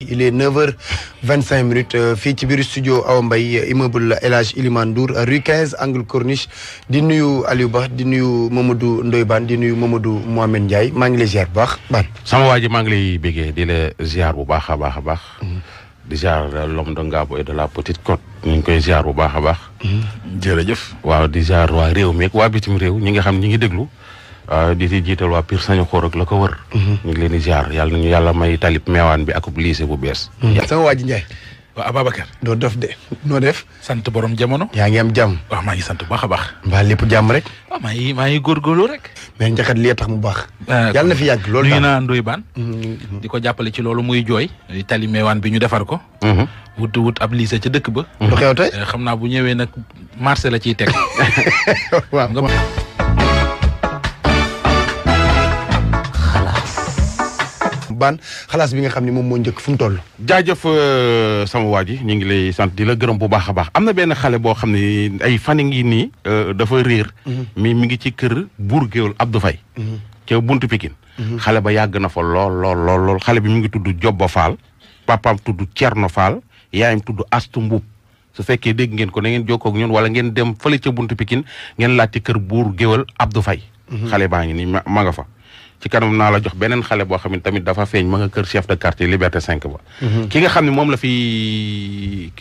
il est 9h25 minutes euh, fii ci biir studio a mbay euh, immeuble El Hadj Elimane Ndour euh, rue 15 angle Corniche di nuyu Aliou baax di nuyu Mamadou Ndoye Bane di nuyu Mamadou Mohamed Ndiaye maa ngi lay ziar bu baax Bane. sama waa ji maa ngi lay bégee di la ziar bu baax a baax a baax. Mm-hmm. di ziar l'homme de Ngabo et de la Petite Côte. ñu ngi koy ziar bu baax a baax. Mm-hmm. jërëjëf. waaw di ziar waa réew mi ak waa bitim réew ñi nga xam ñi ngi déglu. Euh, di ci jiital wa Pire sañu xoor ak la ko wër. Mhm. ñu ngi leen di yàlla nañu yàlla may talib meewaan bi ak lycée bu bees. Mhm. sama waa ji Ndiaye. waaw Ababacar. doo dof de noo def. sant boroom jamono. yaa ngi am jàmm. waaw maa ngi sant bu baax a baax. mbaa lépp jàmm rek. waaw ah, maa ngi maa ngi rek. mais njaxat li tax mu baax. Ah, yàlla na fi yàgg loolu daal ñu ngi naan Ndoye Bane. Mhm. di ko jàppale ci loolu muy jooy. tali meewaan bi ñu defar ko. wut ab lycée ca dëkk ba. lu xew eh, xam naa bu ñëwee nag marché la ciy teg. ban xalaas bi nga xam ne moom moo njëkk fu mu toll. jaajëf euh, sama waa ji ñu ngi lay sant di la gërëm bu baax a baax am na benn xale boo xam ne ay fan ngi nii euh, dafa réer. Mhm. mais mi ngi ci kër buur géwél Abdou Faye mhm. buntu Pikine. Mhm. xale ba yàgg na fa lool lool xale bi mi ngi tudd Jobba Fall papaam tudd Thierno Fall yaayam tudd Astu Mbuub su fekkee dégg ngeen ko na ngeen jokkoo ak wala ngeen dem fële ca buntu Pikine ngeen laajte kër buur géwél Abdou Faye xale baa ngi nii ma fa. ci kanam naa la jox beneen xale boo xam ne tamit dafa feeñ ma nga kër chef de quartier Liberté 5 ba. Mhm. ki nga xam ne moom la fi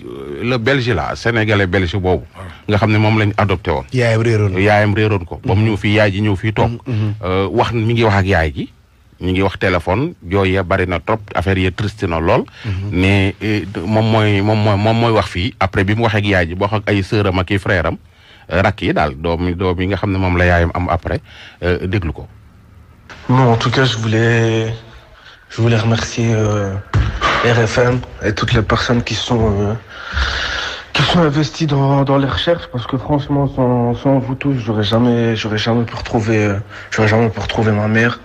le belge la sénégalais belge boobu. Ah. nga xam ne moom lañ adopté woon. yaayam réeroon yaayam réeroon ko. ba mu mhm. ñëw fii ji ñëw fii toog. Mhm, euh, wax mi ngi wax ak yaay ji. ñu ngi wax téléphone jooy ya bari na trop affaire ya triste na lool. mais e, moom mooy moom mooy moom mooy wax fii après bi mu waxee yaay ji boo ak ay sœuram ak i frère euh, yi daal doom doom yi nga xam ne moom la yaayam am après euh, déglu ko. Non, en tout cas, je voulais, je voulais remercier euh, RFM et toutes les personnes qui sont, euh, qui sont investies dans, dans, les recherches parce que franchement, sans, vous tous, j'aurais jamais, j'aurais jamais pu retrouver, euh, j'aurais jamais pu retrouver ma mère.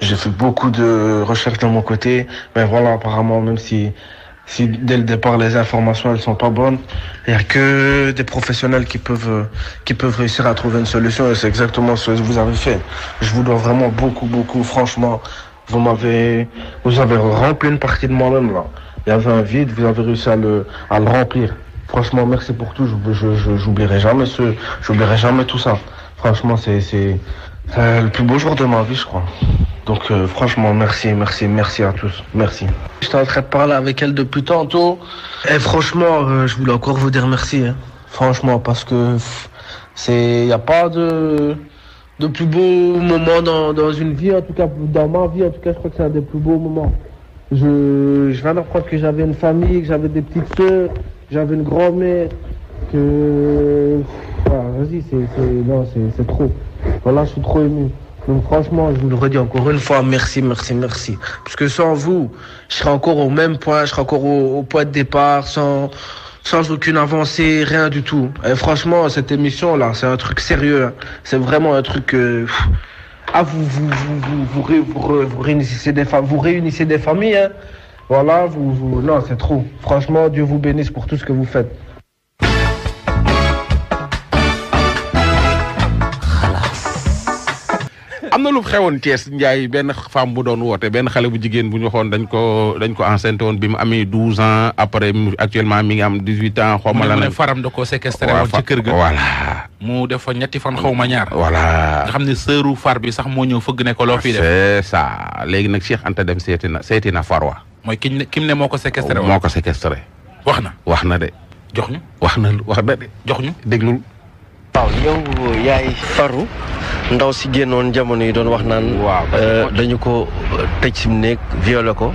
J'ai fait beaucoup de recherches de mon côté, mais voilà, apparemment, même si si dès le départ les informations elles sont pas bonnes, il n'y a que des professionnels qui peuvent qui peuvent réussir à trouver une solution et c'est exactement ce que vous avez fait. Je vous dois vraiment beaucoup beaucoup franchement. Vous m'avez vous avez rempli une partie de moi-même là. Il y avait un vide, vous avez réussi à le à le remplir. Franchement, merci pour tout. Je j'oublierai jamais ce j'oublierai jamais tout ça. Franchement, c'est c'est c'est euh, le plus beau jour de ma vie, je crois. Donc euh, franchement, merci, merci, merci à tous. Merci. J'étais en train de parler avec elle depuis tantôt. Et franchement, euh, je voulais encore vous dire merci. Hein. Franchement, parce que c'est, n'y a pas de, de plus beau moment dans, une vie, en tout cas dans ma vie, en tout cas, je crois que c'est un des plus beaux moments. Je, je viens croire que j'avais une famille, que j'avais des petites que j'avais une grand-mère, que... vas-y, non, c'est trop. Voilà, je suis trop ému. Donc franchement, je vous le redis encore une fois, merci, merci, merci. Parce que sans vous, je serais encore au même point, je serais encore au, point de départ, sans, sans aucune avancée, rien du tout. Et franchement, cette émission-là, c'est un truc sérieux. Hein. C'est vraiment un truc... Euh, ah, vous, vous, réunissez, des vous réunissez des familles. Hein. Voilà, vous... Non, c'est trop. Franchement, Dieu vous bénisse pour tout ce que vous faites. lu xewoon Thiès Ndiaye benn femme bu doon woote benn xale bu jigéen bu ñu waxoon dañ ko dañ ko enceinte woon bi mu amee douze ans après actuellement mi am dix huit ans. xaw ma la ne faram da koo séquestré fan xaw ma ñaar. voilà nga xam ne sëru far bi sax moo ñëw fëgg ne ko loo fi def. c'est ça léegi nag Cheikh Anta dem seeti na na farwa. mooy ki ne ki ne moo ko séquestré woon moo ko séquestré. wax na wax na de. jox ñu wax na wax na de. jox ñu waaw yow yaay faru ndaw si génnoon jamono yi doon wax naan. waaw euh, dañu ko tëj si mu nekk ko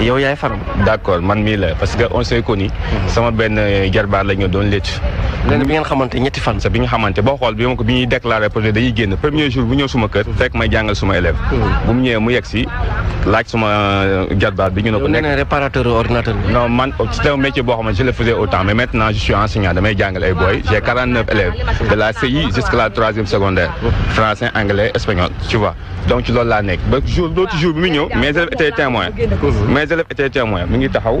yow yaay faru. d'accord man mii la parce que on s'est connu mhm. sama benn jarbaar la ñu doon létt. léegi bi ngeen xamante ñetti fan. sa bi ñu xamante boo xool bi ma ko bi ñuy déclaré projet dañuy génn premier jour bu ñëw suma kër fekk may jàngal suma élève mhm. bu mu ñëwee mu yegg si laaj suma euh, gadbaat bi ñu ne réparateur ordinateur non man c'était un métier boo xam je le faisais autant mais maintenant je suis enseignant damay jàngale ay booy j'ai 49 élèves de la CI jusqu'à la troisième secondaire français anglais espagnol tu vois donc tu dois laa nekk ba jour jours, jour bi mu ñëw mes élèves étaient témoins mes élèves étaient témoins taxaw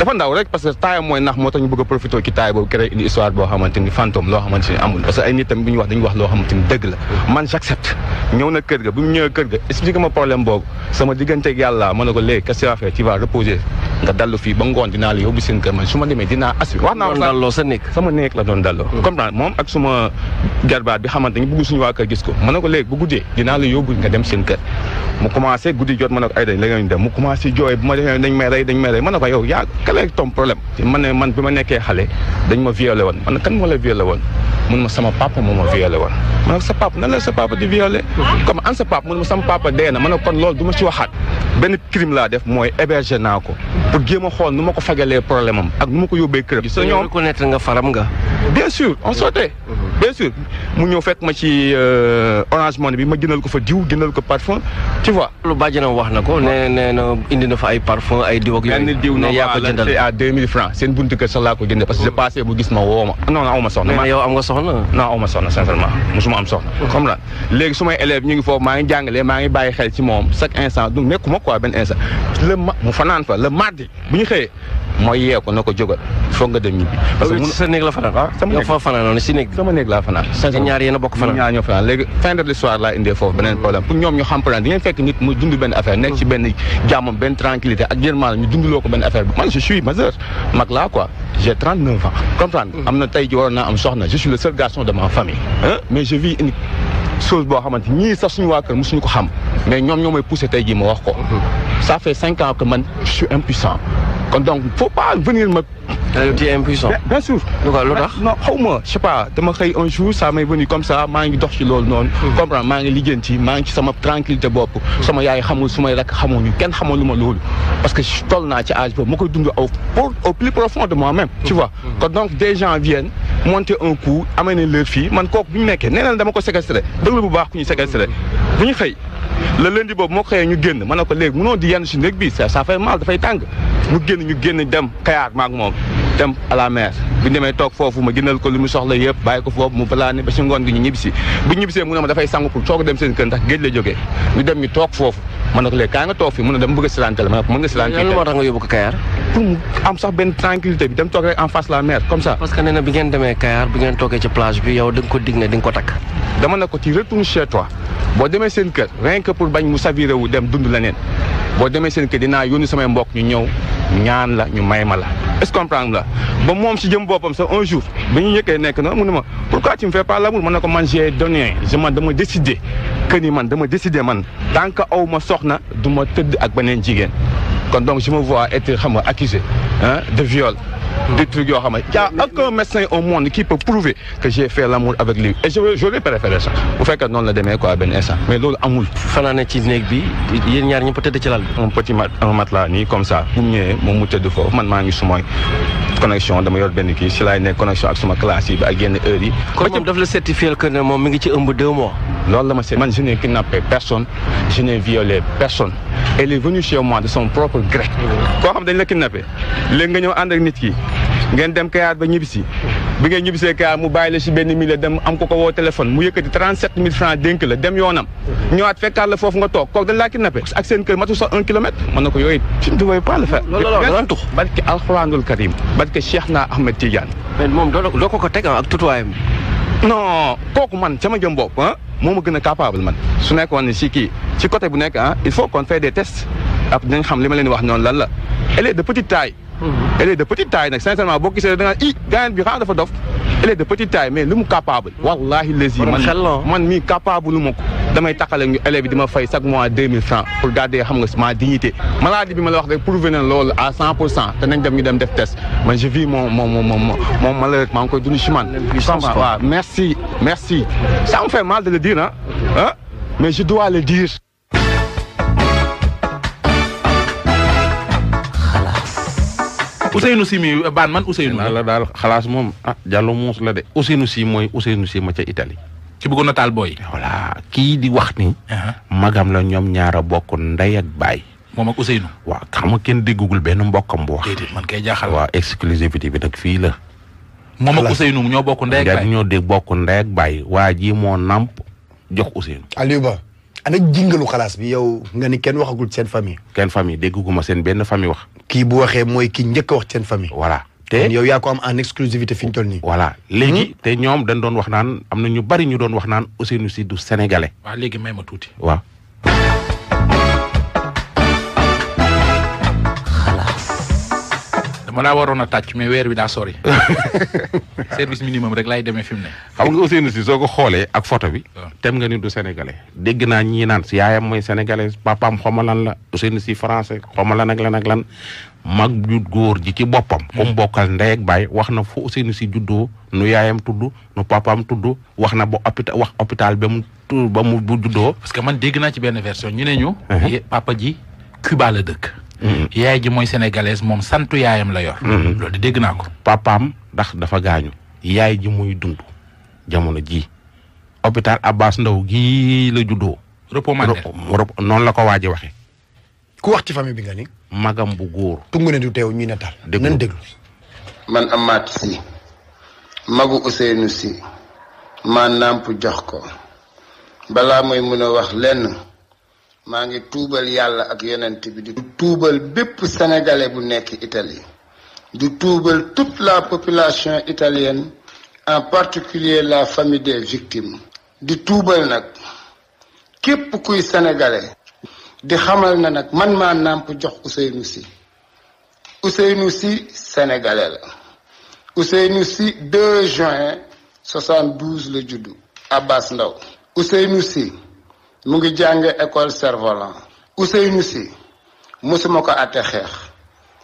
dafa ndaw rek parce que taayam mooy nax moo tax ñu bëgg a profité ci taay boobu créé une histoire boo xamante ni fantôme loo xamante ni amul parce que ay nit tamit bu ñu wax dañuy wax loo xamante ni dëgg la man j'accepte ñëw na kër ga bu ñëwee kër ga expliqué problème boobu sama digganteeg yàlla ma ne ko léegi qu'est-ce que tu reposer nga dallu fii ba ngoon dinaa la yóbbu seen kër man su ma demee dinaa assuré wax naa dalloo sa néeg sama néeg la doon dalloo hmm. comprendre moom ak suma garbaat bi xamante ni bëgg gis ko ma ne ko léegi bu guddee dinaa la yóbbu nga dem seen kër mu ma ne ko la dem mu commencé jooy bu ma ma ne ko yow yaa kale tom man ne man bi xale dañ ma violé woon man kan moo la violé woon woon ma ne ko sa papa nan la sa papa di violé comme an sa papa mun ma sama papa dee ma ne kon loolu du ma ci waxaat benn crime laa def mooy hébergé naa ko pour jéem a xool nu ma ko fagalee problème am ak nu ma faram bien sûr on sautait. Mm-hmm. bien sûr mu ñeu fekk ma ci euh, Orange Money bi ma jëndal ko fa diw jëndal ko parfum tu vois. lu bàjjenam wax na ko nee né na indi na fa ay parfum ay diw ak yooyu. benn diw c'est à 2000 francs c'est buntu kër sax laa ko jënd parce que j'ai passé bu gis ma wooma non non aw soxna. mais yow am nga soxna. non aw ma soxna sincèrement musuma am soxna. xam nga léegi su élèves ñu ngi foofu ma ngi jàngalee ma ngi bàyyi xel ci moom chaque instant du nekkuma quoi ben instant le mu fanaan fa le mardi bu ñu xëyee mooy yee ko na ko jógal foog nga dem ñibbi. parce que ah sa néeg la fanaan ah. sama néeg la fana seen ñaar yena a bokk fanaan ñaar ñoo fanaan léegi fin de l'histoire la indee foofu benen problème pour ñom ñu xam plan di ngeen fekk nit mu dund ben affaire nek ci ben jàmmam ben tranquillité ak jërmaal ñu dundloo ko ben affaire bi man je suis majeur mak la quoi j'ai 39 ans comprendre mm. amna tay ji waroon naa am soxna je suis le seul garçon de ma famille hein mais je vis une chose bo xamante ñi sax suñu waa kër mosuñu ko xam mais ñom ñomay pousser tay ji ma wax ko mm-hmm. ça fait 5 ans que man je suis impuissant donc faut pas venir ma bien sûr. donc ko lu non xaw ma je sais pas dama xëy un jour ça m'est venu comme ça maa ngi dox ci loolu noonu. Hmm. comprendre maa ngi liggéenti m'a ngi ci sama tranquillité bopp. Hmm. sama yaay xamul su may rakk xamuñu kenn xamalu ma loolu. parce que je naa ci âge boobu ma koy au au plus profond de moi-même. tu hmm. vois quand donc des gens viennent monter un coup amener leur fille man kooku bu ñu nekkee nee na dama ko séquestré dëgg bu baax ku ñu séquestré bu le lundi boobu moo xëyee ñu génn ma ne ko léegi mënoo di yenn si néeg bi ça ça fait mal fait tangue mu génn ñu génn dem kayaar maak moom dem à la mer bi ñu demee toog foofu ma jëndal ko lu mu soxla yëpp bàyyi ko foofu mu plané ba si ngoon gi ñu ñibbisi bu ñibbisee mu ne ma dafay sangu pour soog dem seen kër ndax géej la jógee ñu dem ñu toog foofu ma ne ko kaa nga toog fi mu ne dama bëgg a silanteel ma ne ko mën nga silanteel lan moo tax nga yóbbu ko pour mu am sax benn tranquillité bi dem toog rek en face la mer comme ça. parce que nee na bi ngeen demee Kayar bi ngeen toogee ci plage bi yow da ko dig ne di ko takk. dama ne boo demee seen kër rien que pour bañ mu saviré wu dem dund leneen boo demee seen kër dinaa yónni samay mbokk ñu ñëw ñaan la ñu may ma la. est-ce que la ba moom si jëm boppam sax un jour bi ñu njëkkee nekk na mu ne ma pourquoi tu me fais pas l'amour man ne ko man j'ai donné je man dama décidé que ni man dama décidé man tant que aw ma soxna du ma tëdd ak beneen jigéen. Quand donc je me vois être accusé hein, de viol, des trucs yoo xam y' a aucun médecin au monde qui peut prouver que j'ai fait l'amour avec lui et je j'aurais préféré ça bu que non, la demee quoi Ben instant mais loolu amul. fanaane ci néeg bi yéen ñaar peut tëdd ci lal bi. un petit mat un matelas ni comme ça bu mu ñëwee moom mu tëdd foofu man maa ngi sumay connexion dama yor benn kii si laay nekk connexion ak suma classe yi bi ak yenn heures yi. kon moom daf la que ne moom mi ngi ci moi? deux mois. loolu ma man je n'ai kidnappé personne je n'ai violé personne elle est venue chez moi de son propre gré. koo xam dañ la kidnappé léegi nga ñëw ànd ak nit ki ngeen dem Kayar ba ñibbisi bi ngeen ñibbisee Kayar mu bàyyi la si benn mille dem am ko woo téléphone mu yëkkati 37000 francs dénk la dem yoonam ñëwaat fekkaat la foofu nga toog kooku dañ laa kidnappé ak seen kër matu sax un kilomètre mën na ko yooyu tu ne voyais pas le faire tux ko ko teg ah ak tutuwaayam non kooku man sama jëm bopp ah moo ma gën a capable man su nekkoon ne si kii ci côté bu nekk ah il faut qu'on fait des tests après dinañ xam li ma leen wax noonu lan la d est elle est de petite taille c'est sincèrement boo gisee da nga i gaañal bi xanaa dafa dof elle est de petite taille mais nous capable wallahi lesi man man mii capable lu ma ko damay taxale ñu élèves yi di fay chaque mois deux francs pour garder xam nga ma dignité maladie bi ma la wax rek prouvé na à 100 pour cent te nañ dem ñu dem def test je vis mon mon mon mon malheur maa ngi koy dund merci merci ça me fait mal de le dire hein, hein mais je dois le dire Ousseynou Sy mi euh, baan man Ousseynou. la daal xalaas moom ah Diallo muus la de Ousseynou Sy mooy Ousseynou Sy ma ca Italie. ci bëggoon na taal booy. voilà kii di wax ni. Uh-huh. magam la ñoom ñaar a bokk ndey baay. moom ak Ousseynou. waaw xam nga kenn déggugul benn mbokkam bu wax. man kay jaaxal. waaw exclusivité bi nag fii la. moom ak Ousseynou ñoo bokku ndey ak baay ñoo di bokk ndey ak waa ji moo namp jox Ousseynou. ana jingalu xalaas bi yow nga ni kenn waxagul seen famille. kenn famille dégguma seen benn famille wax. kii bu waxee mooy ki njëkk wax seen famille. voilà te yow ya ko am en exclusivité fi ñu toll nii. voilà léegi hmm? te ñoom dañ doon wax naan am na ñu bari ñu doon wax naan aussi Sy du sénégale waaw léegi may ma tuuti. waaw dama laa waroon a tàcc mais weer wi daa sori. service minimum rek laay demee fi mu ne. xam nga Ousseynou si soo ko xoolee ak photo bi. Ah. tem nga ni du sénégalais. dégg naa ñii naan si yaayam mooy sénégalais papaam xoma lan la Ousseynou si français xoma lan ak lan ak lan mag ju góor ji ci boppam. comme bokkal ndey ak baay wax na fo fu Ousseynou si juddoo nu yaayam tudd nu papaam tudd wax na ba hôpital wax hôpital ba mu ba mu bu juddoo. parce que man dégg naa ci benn version ñu ne ñu. Uh-huh. papa ji Cuba dëkk. Mm-hmm. yaay ji mooy sénégalaise moom santu yaayam la yor mm-hmm. loolu dégg naa ko papaam ndax dafa gaañu yaay ji muy dund jamono ji hôpital abbas ndaw gii la juddoo recommandé noonu la ko waaji waxe ku wax ci famille bi nga ni magam bu góor tungu ne du teew ñuy natal dégg nan man amat si magu Ousseynou si maa namp jox ko balaa mooy mën wax lenn maa ngi tuubal yàlla ak yonent bi di tuubal bépp sénégalais bu nekk Italie di tuubal toute la population italienne en particulier la famille des victimes di tuubal nag képp kuy sénégalais di xamal na nag man maa nàmp jox Ousseynou Sy Ousseynou Sy sénégalais la Sy 2 juin 72 la judo Abbas ndaw Ousseynou Sy mungi ngi école cerf-volant Ousseynou Sy mosuma ko àtte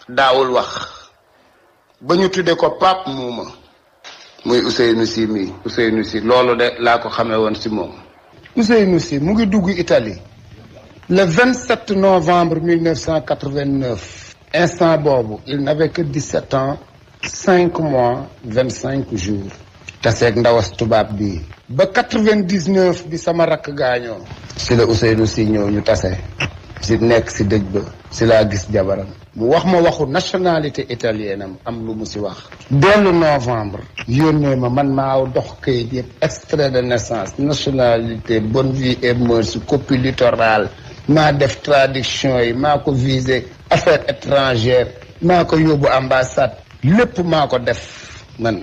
daawul wax bañu tudé ko Pape Mouma muy Ousseynou si mii Ousseynou Sy loolu de la ko xamé won si mom Ousseynou si mungi dugg Italie le 27 novembre 1989 instant bobu il n'avait que 17 ans 5 mois 25 jours taseeg ndawas tubab bi ba 99 bi sama rak gaño si la Ousseynou si ñëw ñu tase ci nekk ci dëj ba ci laa gis jabaram mu wax ma waxu nationalité italienne am am lu mu si wax dellu novembre yónnee ma man maa dox kayit yëpp extrait de naissance nationalité bonne vie et mœurs copie littorale maa def tradition yi maa ko visé affaire étrangère maa ko yóbbu ambassade lépp maa ko def man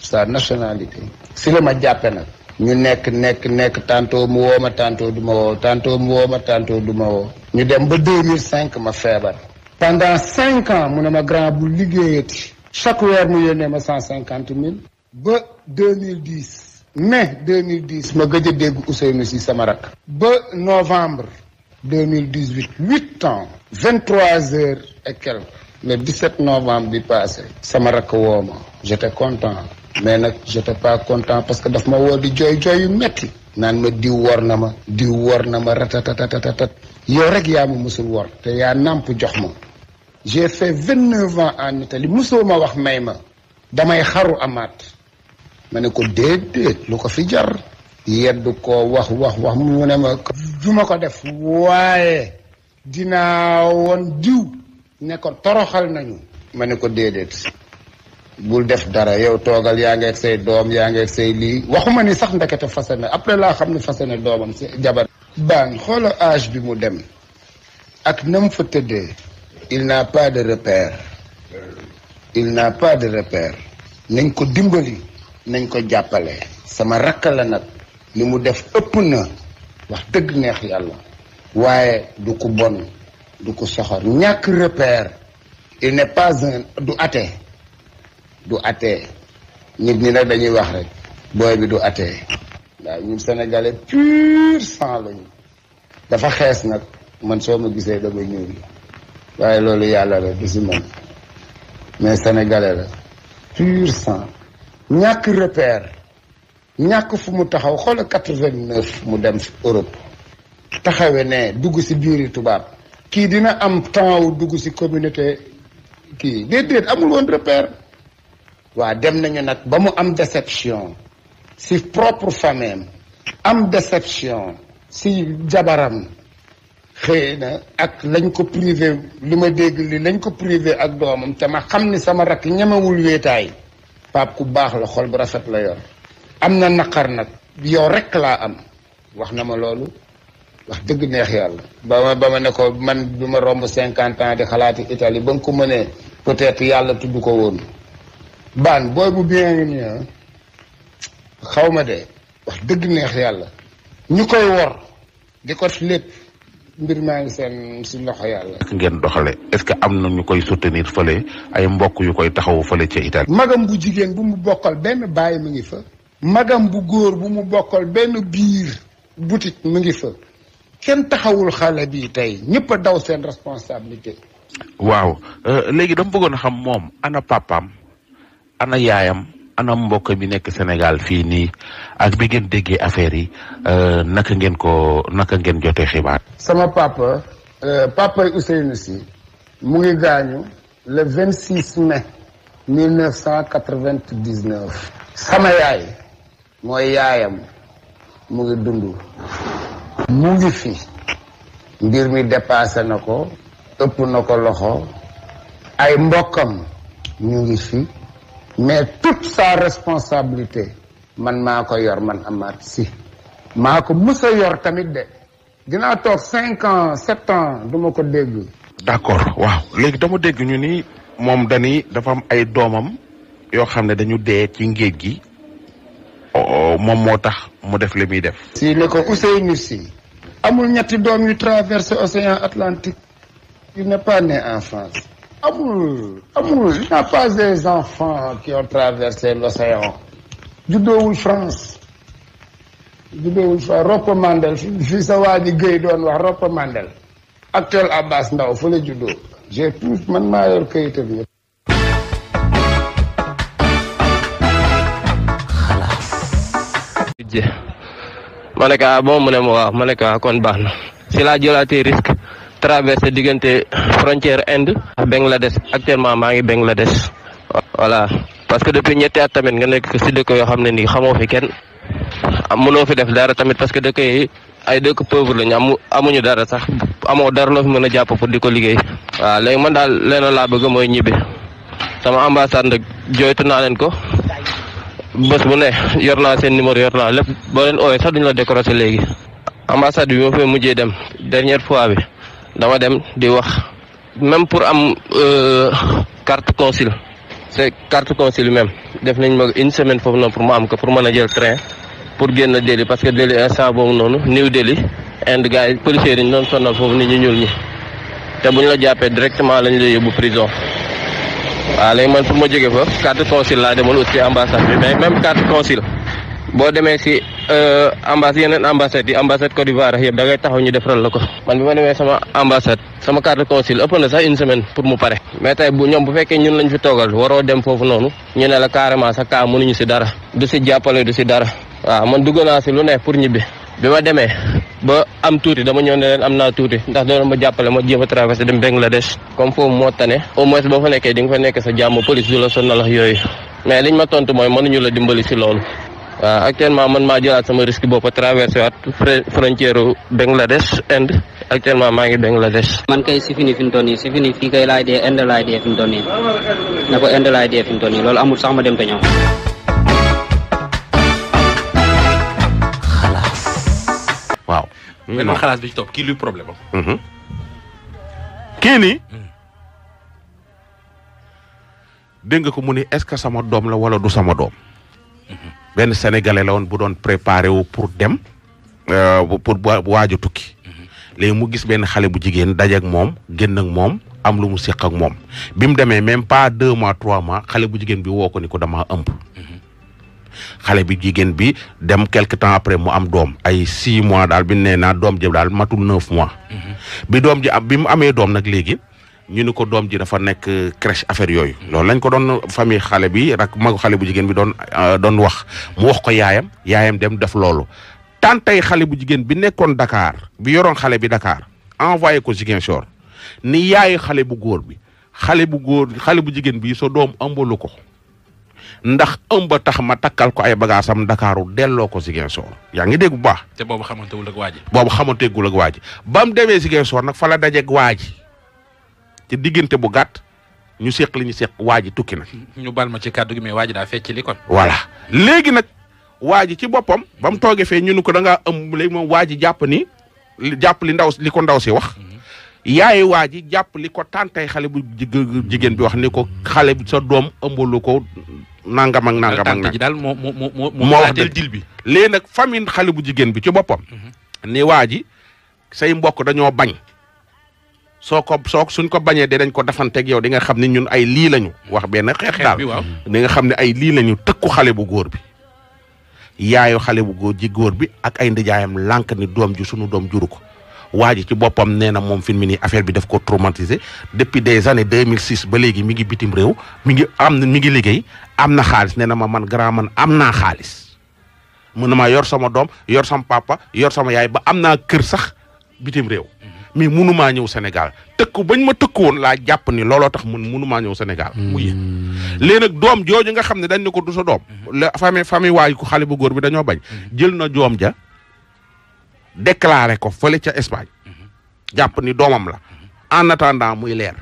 sa nationalité si la ma jàppe nag ñu nekk nekk tantôt mu woo tantôt du tantôt mu tantôt du ma ñu dem ba 2005 ma feebar pendant cinq ans mu ne ma grand bu chaque weer nous yónnee ma cent ba 2010 mai 2010 ma gëj a dégg Ousseynou si sama rak ba novembre 2018 8 ans 23 heures et quelques le 17 novembre bi passé sama j'étais content mais nag j'étais pas content parce que dafa ma woo di joy jooy yu metti naan ma diw woor na ma diw woor na ma ratatatatat yow rek yaa ma musul wor te yaa nàmp jox ma j'ai fait vingt neuf ans en li musoo ma wax may ma damay xaru amaat ma ne ko déedéet lu ko fi jar yeddu ko wax wax wax mu ne ma du ma ko def waaye dinaa woon diw ne ko toroxal nañu ma ne ko déedéet bul def dara yow toogal yaa ngeeg say doom yaa ngeeg say lii waxuma ni sax ndekete fase après laa xam ne fase na doomam si jabar baan xoola âge bi mu dem ak nam fa tëddee il n'a pas de repère il de repère nañ ko dimbali nañ ko jàppale sama rakk la nag li mu def ëpp na wax dëgg neex yàlla waaye du ko bon du ko soxor ñàkk repère il n'est pas un du athée du atee nit ñi nag dañuy wax rek booy bi du atee waaw ñun sénégalais pur sang lañu dafa xees nag man soo ma gisee damay ñuul waaye loolu yàlla la du si moom mais sénégalais la ñàkk repère ñàkk fu mu taxaw xoola quatre-vingt-neuf mu dem Europe taxawe ne dugg si biiri tubaab kii dina am temps wu dugg si communauté kii déedéet amul woon repère waa dem nañu nag ba mu am déception si propre famille am déception si jabaram xëy na ak lañ ko privé li ma dégg li lañ ko privé ak doomam te ma xam ni sama rakk ñemewul wéetaay paap ku baax la xol bu rafet la yor am na naqar nag yow rekk laa am wax na ma loolu wax dëgg neex yàlla ba ma ba ma ne ko man bi ma romb cinquante ans di xalaati Italie ba nga ko mënee peut yàlla tudd ko woon baan booy bu bien ngi ah, nii xaw ma de wax dëgg neex yàlla ñu koy wor di ko lépp mbir maa ngi seen si loxo yàlla. ngeen doxale est-ce que am na ñu koy soutenir fële ay mbokk yu koy taxawu fële ca Italie. magam bu jigéen bu mu bokkal benn baay mu ngi fa. magam bu góor bu mu bokkal benn biir boutique mu ngi fa kenn taxawul xale bi tey ñëpp a daw seen responsabilité. waaw euh, léegi dama bëggoon a xam moom ana papaam. ana yaayam ana mbokk mi nekk Sénégal fii nii ak bi ngeen déggee affaire yi euh, naka ngeen ko naka ngeen jote xibaar. sama papa euh, papa Ousseynou Sy mu ngi gaañu le 26 sama yaay mooy yaayam mu ngi dund mu ngi fi mbir mi dépassé na ko ëpp na ko loxo ay mbokkam ñu ngi fi. mais toute sa responsabilité man mako yor man yor tamit de cinq ans 7 ans ko d'accord waaw legui dama deg ñu ni dafa am ay domam yo dañu ci ngeeg gi oh, mom motax mu def def. si je ko Ousseynou amul ñetti océan Atlantique il n'est pas né en France. amul amul il n'y a pas des enfants qui ont traversé l'océan juddoowul France juddoowul France Ropa Mandel fii sa waa ji Guèye doon wax Ropa Mandel actuel Abbas Ndao fu la juddoo j'ai tout man maa yor këyitam yëpp ma ne ko ah mu ne ma waaw ma ne ko kon baax na si laa jëlaatee risque traversé diggante frontière Inde Bangladesh actuellement ma ngi Bangladesh voilà parce que depuis ñetti at tamit nga nek ci dëkk yo xamné ni xamoo fi kenn mëno fi def dara tamit parce que dëkk yi ay dëkk pauvre lañ am amuñu dara sax amo dara lo fi mëna japp pour diko liggéey wa lay man dal leen la bëgg moy ñibé sama ambassade nak joytu na len ko bés bu ne yor naa seen numéro yor naa lépp boo leen oowee sax duñ la décroché légui ambassade bi mo fay mujjé dem dernière fois bi dama dem di wax même pour am euh, carte consul c'est carte consul même def nañ ma une semaine foofu non pour ma am ko pour mën jël train pour génn Delhi parce que Delhi instant boobu noonu New Delhi and guy policier policiers non sonal foofu ni ñu ñul ñi té buñ la jappé directement lañ lay yobu prison wa lay man pour ma jóge fa carte consul la demoon aussi ambassade bi mais même carte consul boo demee si ambassade eh, yeneen ambassade di ambassade Côte d'Ivoire ya da ngay taxaw ñu defaral lako man bima newe sama ambassade sama carte consul ëpp na sax une semaine pour mu pare mais tay bu ñom bu fekkee ñun lañ fi togal waro dem fofu nonu ñu ne la carrément sa mënu ñu ci dara du ci jappalé du ci dara wa ah, man dugg naa si lu ne pour ñibbi bima démé e, ba am touti dama ñëw ne amna touti ndax do ma jappalé ma jëf traverser dem Bangladesh comme fofu mo tané au moins fa di nga fa nekk sa jamm police du la sonal mais liñ ma tontu mënu ñu la dimbali ci Uh, ah, actuellement man ma jëlaat sama risque bopp traversé wat frontière Bangladesh and actuellement maa ngi Bangladesh. man kay si fini fi mu toll nii si fini fii kay laay dee end laay dee fi mu toll nii na ko Inde laay dee fi mu toll nii loolu amul sax ma dem te ñëw. xalaas. waaw. beneen xalaas bi ci topp kii luy problème am. Mm-hmm. kii nii. Mm. dégg nga ko mu ni est-ce que sama doom la wala du sama doom. Mm-hmm. benn sénégalais la woon bu doon préparé wu pour dem euh, pour waaju tukki mm-hmm. léegi mu gis benn xale bu jigéen dajeek moom génn ak moom am lu mu séq ak moom bi mu demee même pas deux mois trois mois xale bu jigéen bi woo ko ni ko damaa ëmb mm-hmm. xale bi jigéen bi dem quelque temps après mu am doom ay six mois daal bi nee naa doom ji daal matul neuf mois mm-hmm. bi doom ji am bi mu amee doom nag léegi ñu ni ko doom ji fa nekk euh, crèche affaire yooyu loolu lañ ko doon famille xale bi rak magu xale bu jigéen bi doon euh, doon wax mu wax ko yaayam yaayam dem def loolu tey xale bu jigéen bi nekkoon dakaar bi yoroon xale bi Dakar envoyé ko Ziguinchor ni yaayu xale bu góor bi xale bu góor xale bu jigéen bi so doom ëmbalu ko ndax ëmba tax ma takkal ko ay bagaasam Ndakaaru delloo ko Ziguinchor yaa ngi dégg bu baax. te boobu xamantewul ak waa ji. boobu xamantewul ak waa ji ba mu demee Ziguinchor nag fa la dajeeg waa ji te diggante bu gàtt ñu seq li ñu seq waa ji tukki na. ñu bal ma ci kàddu gi waa ji daa fecc li kon. voilà léegi nag waa ji ci boppam ba mu toogee ñu ne ko da ngaa ëmb léegi waa ji jàpp ni jàpp li ndaw li ko ndaw si wax. Mhm. yaay waa ji jàpp li ko tàntay xale bu jigéen bi wax ni ko xale bi sa doom ëmbalu ko nangam ak nangam ak na ji daal moo moo jël dil bi. léegi nag famille xale bu jigéen bi ci boppam. Mhm. ni waa ji say mbokk dañoo bañ. soo ko soo suñ ko bañee dinañ ko defanteeg yow di nga xam ne ñun ay lii lañu wax benn xeex daal di nga xam ne ay lii lañu tëkku xale bu góor bi yaayu xale bu góor ji góor bi ak ay ndijaayam lànk ni doom ju sunu doom juru ko waa ci boppam nee na moom fi affaire bi daf ko traumatisé depuis des années 2006 ba léegi mi ngi bitim réew mi ngi am mi ngi liggéey am na xaalis nee na ma man grand man am naa xaalis yor sama doom yor sama papa yor sama yaay ba am naa kër sax bitim réew mais munumaa ñëw Sénégal tëkku bañ ma tëkk woon laa jàpp ni looloo tax mun munumaa ñëw Sénégal. Hmm. mu yéex léegi doom jooju nga xam ne dañ ne ko du sa doom. Hmm. la famille famille waayu ko xale bu góor bi dañoo bañ. Hmm. jël na doom ja déclaré ko fële ca Espagne. jàpp ni doomam la en attendant muy leer.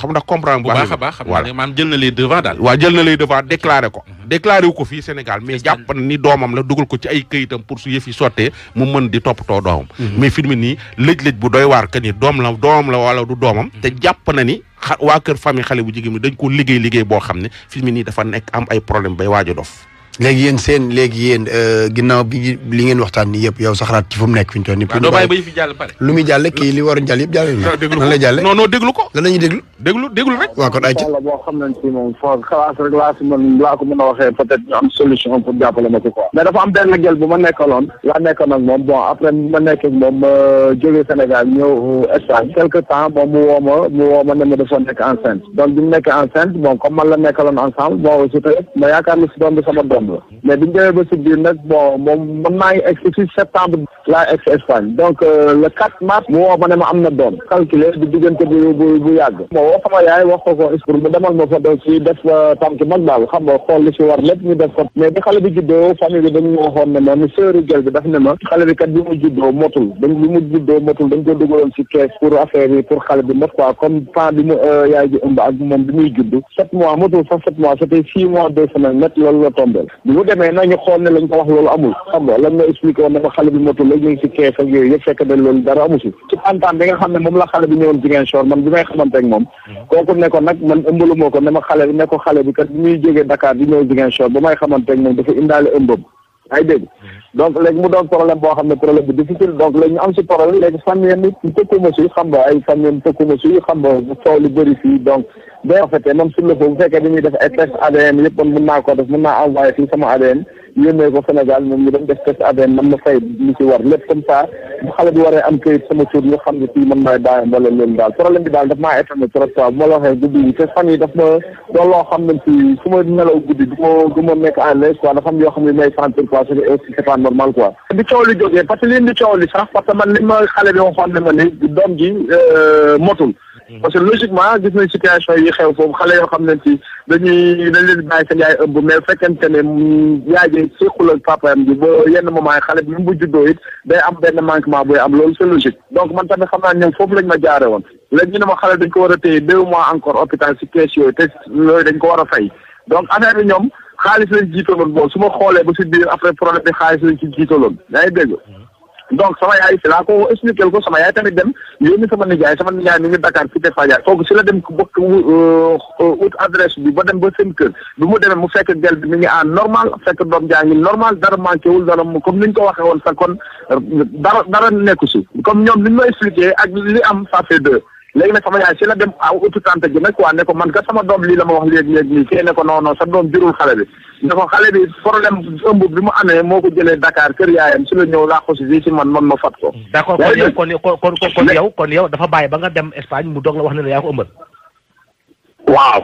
xam ndax comprendre bu baax a baax voilà maanaam jël na les devant daal waaw jël na les devant déclaré ko mhm. déclaré wu ko fii Sénégal mais jàpp na ni doomam la dugal ko ci ay këyitam pour su yëf sottee mu mën di toppatoo doomam mhm. mais fi mu nii lëj-lëj bu doy waar que ni doom la doomam la wala du doomam te mhm. jàpp na ni xa waa kër famille xale bu jigéen mi dañ ko liggéey liggéey boo xam ne fi mi nii dafa nekk am ay problème bay waaj dof léegi yéen seen léegi yéen euh, ginnaaw waxtaan ni yëpp yow sa ci fu nekk fi ñu toll nii. waaw lu muy jàll kii li waroon jàll yëpp jàll na. la ñuy déglu. déglu déglu rek. laa ko mën a waxee peut-être am solution pour jàppale ma ko quoi. dafa am benn gel bu ma nekkaloon. laa nekkoon ak moom bon après ma nekk moom ma jógee Sénégal ñëw Espagne. quelque temps mu woo mu woo ne ma dafa nekk enceinte donc bi mu nekk enceinte bon comme man la nekkaloon ensemble bon aussi tamit ma décembre la mais ñu demee ba si biir nag bon moom man maa ngi egg si septembre laa egg si Espagne euh, na doom calculé di diggante bu bu bu yàgg bon woo ko ko pour mu def euh, tànk mag daal xam nga xool li si war lépp ñu def ko mais bi xale bi juddoo famille bi dañu waxoon ne ma mi sœuru gel bi daf ne ma xale bi kat bi mu juddoo motul dañ bi mu juddoo motul dañ ko dugaloon si kees pour affaire yi pour xale bi mot quoi comme temps bi euh, ak moom bi muy judd sept mois motul sax sept mois c'était six mois deux semaines net loolu la tombeel bi mu demee nañu xool ne lañ ko wax loolu amul xam nga lan la expliqué woon dafa xale bi motul léegi ñu ngi si kees ak yooyu yëpp fekk nga xam ne moom la xale bi ñëwoon Ziguinchor man bi may xamante ak moom kooku ne nag man ëmbalu moo ko ne ma xale bi ne ko xale bi kat bi muy jógee Dakar di ñëw Ziguinchor ba may xamante ak moom dafa indaale ëmbam ay dégg donc léegi mu doon problème boo xam ne problème bi difficile donc léegi ñu am si problème léegi famille yi tëkkuma si xam nga ay famille tëkkuma xam nga coow fii donc boo ko fekkee man sur le feu bu e dañuy def ay test ADN yëpp man mën naa ko def mën naa envoyé fii sama ADN yónnee ko Sénégal moom ñu dem test ADN man ma fay li ci war lépp comme ça bu xale bi waree am këyit sama tur ñu xam ne fii man maay bàyyi wala loolu daal problème bi daal daf maa étonné trop quoi bu ma la guddi yi te daf ma doon loo xam ne fii su ma nelaw guddi du ma du ma ne may sentir quoi c'est pas normal quoi. di coow li jógee parce di coow li sax parce que man li Mhm. parce que logiquement gis nañ situation yi xew foofu xale yoo xam ne ci dañuy dañ leen bàyyi seen yaay ëmb mais fekkente ne yaay ji séqul ak papaam bi ba yenn moment xale bi même bu juddoo it day am benn manquement buy am loolu c'est logique donc man tamit xam naa ñoom foofu lañ ma jaare woon léegi ñu ne ma xale dañ ko war a téye deux mois encore hôpital si kees yooyu te yooyu dañ ko war a fay donc affaire bi ñoom xaalis lañ jiitaloon boobu su ma xoolee ba si biir après problème bi xaalis lañ ci jiitaloon yaa ngi donc sama yaay si laa ko expliqué ko sama yaay tamit dem yónni sama nijaay sama nijaay mi ngi Dakar cité Fadia kooku si la dem bokk euh, euh, ut adresse bi ba dem ba seen kër bi mu demee mu fekk gel bi mu ngi en normal fekk doom jaa ngi normal dara manqué wul dara mu comme ni ñu ko waxee woon sa kon dara dara nekku si comme ñoom ni ñu ma expliqué ak li am ça fait deux léegi na sama yaay si la dem aw utu tante ji nag quoi ne ko man ka sama doom lii la ma wax léegi léegi nii kii ne ko non non sa doom jurul xale bi ne ko xale bi problème ëmb bi mu amee moo ko jëlee Dakar kër yaayam si la ñëw laa xosi si si man man ma fat ko. Mm-hmm. d'accord kon yow kon kon kon yow kon yow dafa bàyyi ba nga dem Espagne mu doog la wax ne la yaa ko ëmbal. waaw.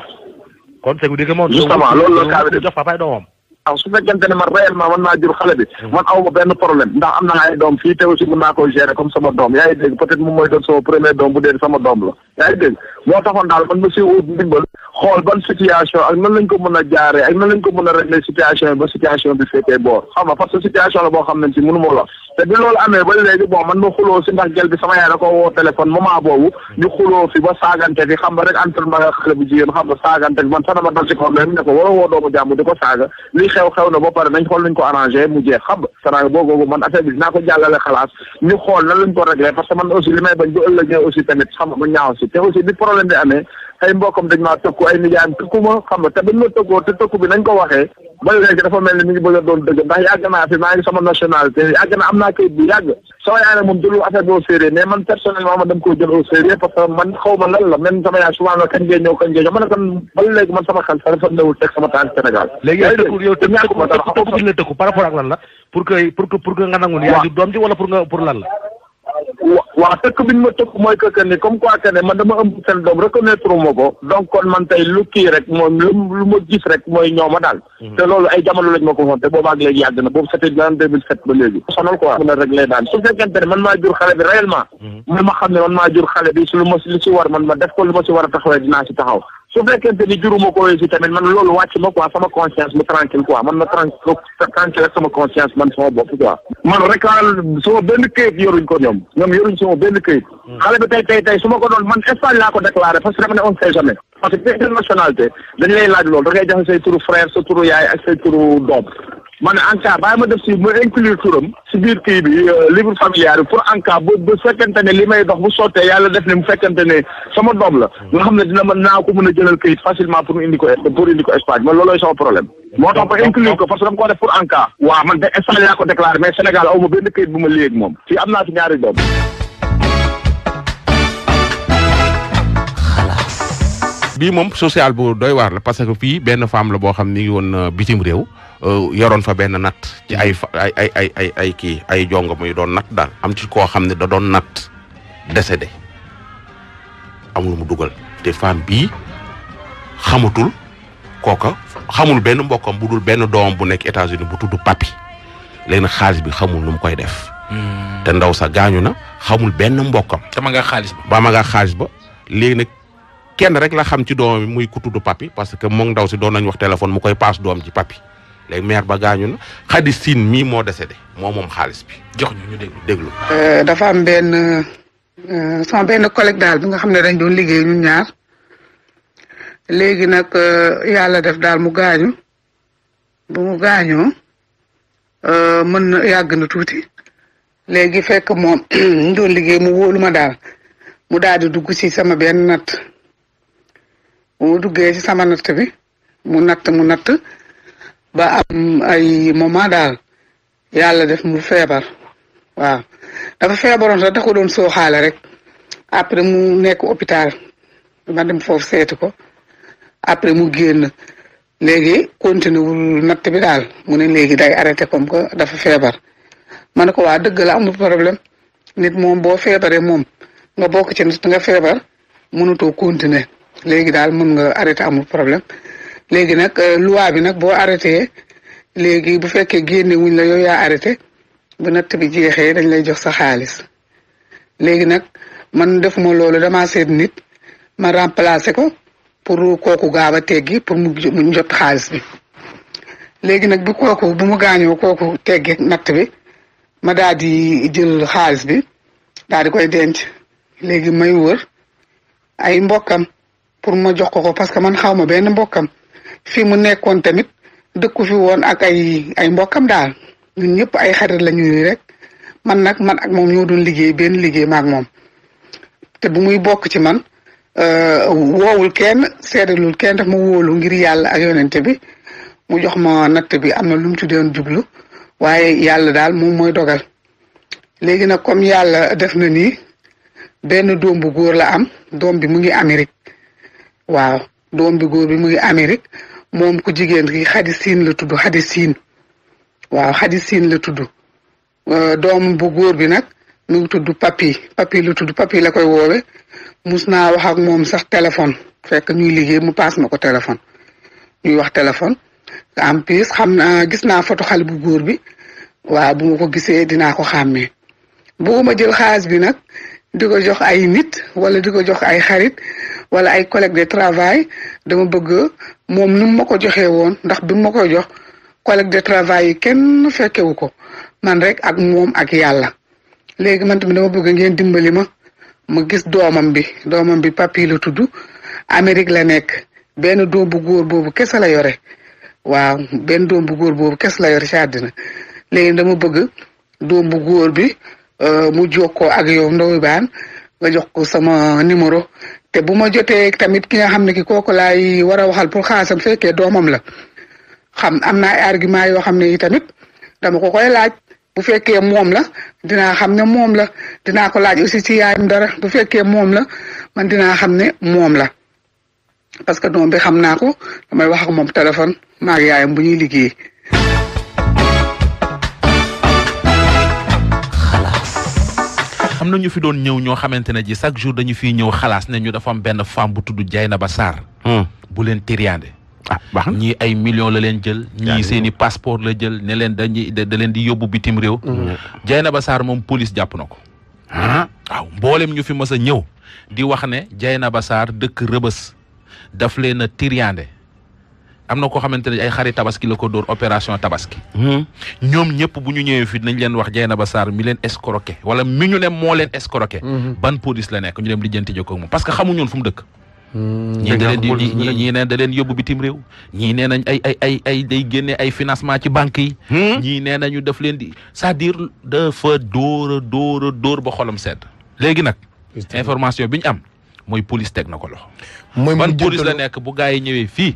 kon tegu dëgg moom. justement loolu la kaa bi de jox waaw su fekkente ne man réellement man naa jur xale bi hmm. man aw ma benn problème ndax am na ay doom fii te aussi mën naa koy gérer comme sama doom yaa ngi dégg peut-être moom mooy doon sama premier doom bu la yaa ngi dégg moo daal man monsieur ut ndimbal xool ban situation ak nan lañ ko mën a jaaree ak nan lañ ko mën a régler situation bi ba situation bi féetee boor xam nga parce que la boo xam si mënu ma la te bi loolu amee ba léegi bon man ma xuloo si ndax gel bi sama yaay da ko woo téléphone moment boobu ñu xuloo fi ba saagante fi xam nga rek entraînement nga xale bu jigéen xam nga saagante bi man sax dama dal ci problème ne ko waroo woo doomu jàmm di ko saaga lii xew xew na ba pare nañ xool nañ ko arrangé mu jeex xam nga saraanga boogoogu man affaire bi dinaa ko jàllale xalaas ñu xool nan lañ ko réglé parce man aussi may bañ bu ëllëgee aussi tamit xam nga mu ñaaw si te aussi bi problème bi amee ay ba léegi dafa mel ni mi ngi doon dëgg ndax yàgg naa fi maa ngi sama nationalité na am naa kayit bu yàgg sama yaay nag moom jëlul affaire bi au sérieux man personnellement ma dem koo jël au sérieux parce que man xaw ma lan la même sama yaay souvent la kañ ngeen ñëw kañ ngeen ñëw man itam ba léegi man sama xel sax dafa newul teg sama tànk Sénégal. léegi yow tëkku yow tëkku tëkku tëkku par rapport ak lan la pour que pour que pour que nga nangu ni yaa jur doom ji wala pour nga pour lan la waaw tëkk bi ñu ma tëkk mooy que que ni comme quoi que ne man dama ëmb seen doom reconnaître ma ko donc kon man tey lu kii rek moom lu ma gis rek mooy ñooma daal mhm. te loolu ay jamono lañ ma ko fonte boobaak léegi yàgg na boobu c'était dans deux mille sept ba léegi sonal quoi mën a réglé daan su fekkente ne man maa jur xale bi réellement mhm. man ma xam ne man maa jur xale bi su lu ma lu si war man ma def ko lu ma si war a taxawee dinaa si taxaw su fekkente ni juruma ko si tamit man loolu wàcc ma quoi sama conscience mu tranquille quoi man ma tranquille sama conscience man sama bopp quoi man rek sama benn këyit ko ñoom ñoom yoruñ sama benn këyit hmm. xale bi tey ko doon man Espagne laa ko déclaré parce que on sait jamais parce que internationalité dañ lay laaj loolu da ngay joxe say turu frère sa turu yaay ak say turu doom ma ne en cas bàyyi ma def si ma inclure turam si biir kii bi euh, livre familial bi pour en cas bu bu fekkente ne li may dox bu sottee yàlla def ne mu fekkente ne sama doom la nga xam ne dina mën naa ko mën a jëlal këyit facilement pour indi ko pour indi ko Espagne man loolooy sama problème. moo tax ba inclure ko parce que dama ko def pour en cas. man de Espagne laa ko déclaré mais Sénégal aw ma benn këyit bu ma liyee ak moom fii am naa fi ñaari doom. bii moom social bu doy waar la parce que fii benn femme la boo xam ni ngi woon euh, bitim réew. Euh, yoroon fa benn nat ci ay ay ay ay ay ay kii ay jongo muy doon natt daal am ci koo xam ne da doon natt décédé am mu dugal te femme bii xamatul kooka xamul benn mbokkam bu dul benn doomam bu nekk États-Unis bu tudd papi léegi nag xaalis bi xamul nu mu koy def. Hmm. te ndaw sa gaañu na xamul benn mbokkam. te ma nga xaalis ba. ba ma nga xaalis ba léegi nag kenn rek la xam ci doomam bi muy ku tudd papi parce que moom ndaw si doon wax téléphone mu koy paas doom ci papi. léegi maire ba gaañu na xaddi siin mii moo décédé moo moom xaalis bi jox ñu ñu déglu déglu. Euh, dafa am benn euh, sama benn collègue daal bi nga xam ne dañ doon liggéey ñun ñaar léegi nag euh, yàlla def daal mu gaañu bu mu gaañoo mën na yàgg na tuuti léegi fekk moom ñu doon liggéey mu wóolu ma daal mu daal di dugg ci sama benn natt bu mu duggee ci sama natt bi mu natt mu natt. ba am ay moment daal yàlla def mu feebar waaw dafa feebaroon sax da ko doon sooxaale rek après mu nekk hôpital ma dem foofu seeti ko après mu génn léegi continué wul natt daal mu ne léegi day arrêté comme que dafa feebar ma ne ko waa dëgg la amul problème nit moom boo feebaree moom nga bokk ci nit nga feebar mënutoo continuer léegi daal mën nga arrêté amul problème léegi nag euh, loi bi nag boo arrêté léegi bu fekkee génne wuñ la yow yaa arrêté bu natt bi jeexee dañ lay jox sa xaalis léegi nag man defuma loolu damaa seet nit ma remplacer ko pour kooku gaaw a teggi pour mu mu jot xaalis bi léegi nag bu kooku bu mu gaañoo kooku tegge natt bi ma daal di jël xaalis bi daal di koy denc léegi may wër ay mbokkam pour ma jox ko ko parce que man xaw ma benn mbokkam fi mu nekkoon tamit dëkku fi woon ak ay ay mbokkam daal ñun ñëpp ay xarit lañu ñuy rek man nag man ak moom ñoo doon liggéey benn liggéey maak moom te bu muy bokk ci man euh, wowul kenn seedalul kenn daf ma wóolu ngir yàlla ak yonente bi mu jox ma natt bi am na lu mu ci doon jublu waaye yàlla daal moom mooy dogal léegi nag comme yàlla def na nii benn doom bu góor la am doom bi mu ngi Amérique waaw doom bi góor bi mu ngi Amérique moom ku jigéen ki xadi siin la tudd xadi siin waaw xadi siin la tudd euh, doom bu góor bi nag mu ngi tudd papi papi la tudd papi la koy woowe mus naa wax ak moom sax téléphone fekk ñuy liggéey mu paas ma ko téléphone ñuy wax téléphone en plus xam naa gis naa photo xale bu góor bi waaw bu ma ko gisee dinaa ko xàmmee bugguma jël xaalis bi nag di jox ay nit wala di ko jox ay xarit wala ay collègue de travail dama bëgg moom nu ma ko joxee woon ndax bi ma koy jox collègue de travail yi kenn fekkewu ko man rek ak moom ak yàlla léegi man tamit dama bëgg ngeen dimbali ma ma gis doomam bi doomam bi papi la tudd Amérique la nekk benn doom bu góor boobu kese la yore waaw benn doom bu góor boobu kese la yore ci àddina léegi dama bëgg doom bu góor bi euh, mu jokkoo ak yow ndoy baan nga jox ko sama numéro te bu ma jotee tamit ki nga xam ne ki kooku laay war a waxal pour xaasam fekkee doomam la xam am na ay argument yoo xam ne yi tamit dama ko koy laaj bu fekkee moom la dinaa xam ne moom la dinaa ko laaj aussi ci yaayam dara bu fekkee moom la man dinaa xam ne moom la parce que doom bi xam naa ko damay wax moom téléphone maag yaayam bu ñuy liggéey am na ñu fi doon ñëw ñoo xamante ne ji chaque jour dañu fiy ñëw xalaas ne ñu dafa benn femme bu tudd Dieynaba Sarr hmm. bu leen tiriande ah baax ñii ay millions la leen jël ñii seen i passeport la jël ne leen dañuy da leen di yóbbu bitim réew hmm. hmm. ba saar moom police jàpp na ko ah mbooleem ñu fi mës a ñëw di wax ne ba saar dëkk rëbës daf leen a am na koo xamante ne ay xari tabaski la ko dóor opération tabaski. Hmm. ñoom ñëpp bu ñu ñëwee fii nañ leen wax Dieynaba Sarr mi leen escroqué wala mi ñu ne moo leen escroqué. Hmm. ban police la nekk ñu dem lijjanti jokkoo ak moom parce que xamuñu woon fu mu dëkk. Hmm. ñii da leen di da leen yóbbu bitim réew ñii nee ay ay ay ay day génne ay financement ci banque yi ñii nee nañu daf leen di c'est-à-dire dafa dóor a dóor a ba xolam sedd léegi nag information bi am mooy police teg na ko loxo ban police la nekk bu gaa yi ñëwee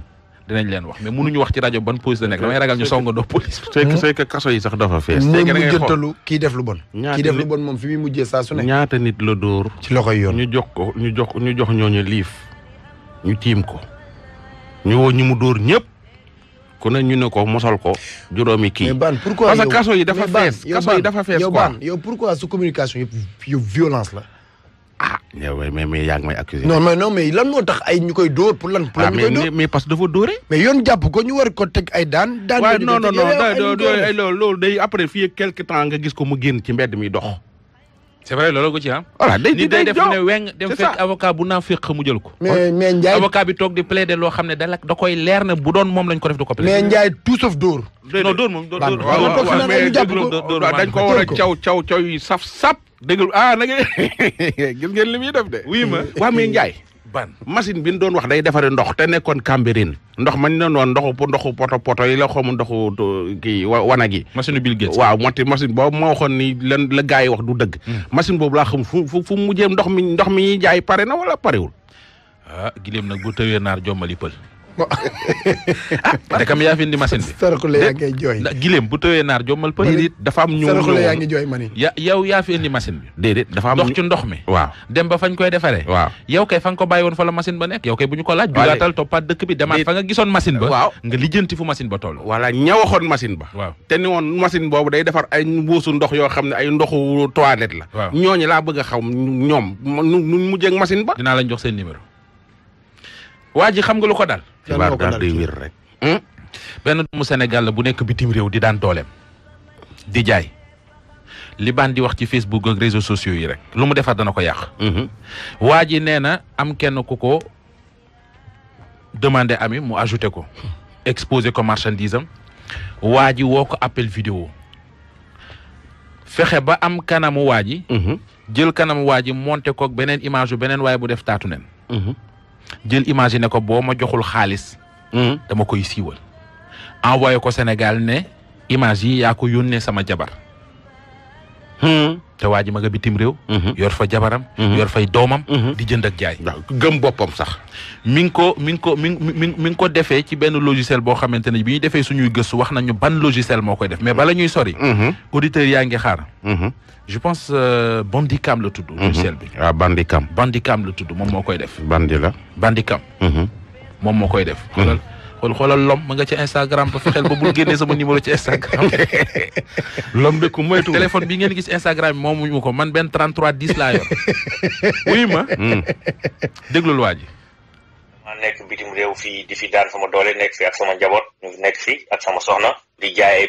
dinañ leen wax mais mënuñu wax ci rajo ban police la nekk damay ragal ñu songandoo police. fekk fekk kaso yi sax dafa fees. tey keneen mujjantalu kii def lu bon. ñaata kii def lu bon moom fi muy mujjee ñaata nit la dóor. ci loxoy yoon ñu jox ko ñu jox ñu jox ñooñu liif ñu tiim ko ñu woo ñu mu dóor ñëpp ku ne ñu ne ko mosal ko juróomi kii. mais ban pourquoi yow yi dafa fees. kaso yi dafa fees quoi yow yow pourquoi su communication yëpp yow violence la. ah mais mais mais yaa ngi may accusé. non mais non mais lan moo tax ay ñu koy dóor pour lan. pour ah, lan ñu koy dóor mais parce que dafa dóore. mais yoon jàpp ko ñu war ko teg ay daan. daan non non loolu loolu day après fii quelque temps nga gis ko mu génn ci mbedd mi dox. c'est vrai ko ci am. Ah. day def ne weng dem fekk avocat bu na fekk mu jël ko. mais mais Ndiaye avocat bi toog di loo xam ne da da koy leer na bu doon moom lañ ko def de ko plaider. mais Ndiaye tout sauf moom dóor dóor. waaw waaw mais dañ ko war a caw caw caw yi saf sap déglu ah na ngeen gis ngeen li muy def de. wuyu ma mm. waa mais Ndiaye. ban machine bi ñu doon wax day defaree ndox te nekkoon Cambérène ndox mañ ne noonu ndoxu ndoxu poto poto yi la xamu ndoxu uh, kii wanag yi. machine Bill Gates waaw moti machine boobu moo waxoon ni lan la gars yi wax du dëgg. Mm. machine boobu laa xam fu fu mu mujjee ndox mi ndox mi ñuy jaay pare na wala parewul. ah gileem na bu tëwee naar jommali pël. ah ndekam yaa fi machine bi. sarakule yaa ngi jooy gileem bu tëwee naar jommal pël it dafa am ñu mani ya yow ya, yaa fi indi machine bi déedéet dafa am dox ci ndox mi waaw dem ba fañ koy defaree waaw yow kay fa ko bàyyi fa la machine ba nekk yow kay bu ko laaj jugaatal toppaat bi fa nga machine ba nga lijjanti fu machine ba toll machine ba waaw te ni machine day defar ay mbuusu ndox yo xam ay ndoxu toilette la waaw ñooñu bëgg a xam nu ak machine ba dinaa lañ jox seen numéro waa xam nga lu ko dal xibaar daal day wér rek. Hmm? benn doomu Sénégal la bu nekk bitim réew di daan dooleem di jaay li baan di wax ci Facebook ak réseaux sociaux yi rek lu mu defar dana ko yàq. Hmm. waa ji nee na am kenn ku ko demandé ami mu ajouté ko exposé ko marchandise am waa ji woo ko appel vidéo fexe ba am kanamu waa ji. Hmm. jël kanamu waa ji monté koog beneen image yu beneen bu def taatu neen. jël imaginer ko boo ma joxul xaalis. Hmm. dama koy siiwal. envoyé ko Sénégal ne image yi yaa ko yónnee sama jabar. Hmm. te waa ji ma nga bitim réew. Mhm. yor fa jabaram. Mhm. yor fay doomam. Mhm. di jënd ak jaay. gëm boppam sax. mi ngi ko mi ngi ko mi mi mi ngi ko defee ci benn logiciel boo xamante ne bi ñuy defee suñuy gëstu wax nañu ban logiciel moo koy def mais bala ñuy sori. auditeur yaa ngi xaar. je pense euh, Bandicam la tudd. logiciel bi waaw ah, Bandicam. Bandicam la tudd moom moo koy def. bandi la Bandicam. moom moo koy def. xool xoolal lom ma nga ca Instagram ba fexeel ba bul génnee sama numéro ci Instagram lom de ku moytu téléphone bi ngeen gis Instagram bi moomuñu ma ko man benn 33 10 laa yor wuyu ma. Hmm. déglul waa ma nekk bitim réew fii di fi daan sama doole nekk fi ak sama njaboot ñu nekk fi ak sama soxna di jaay ay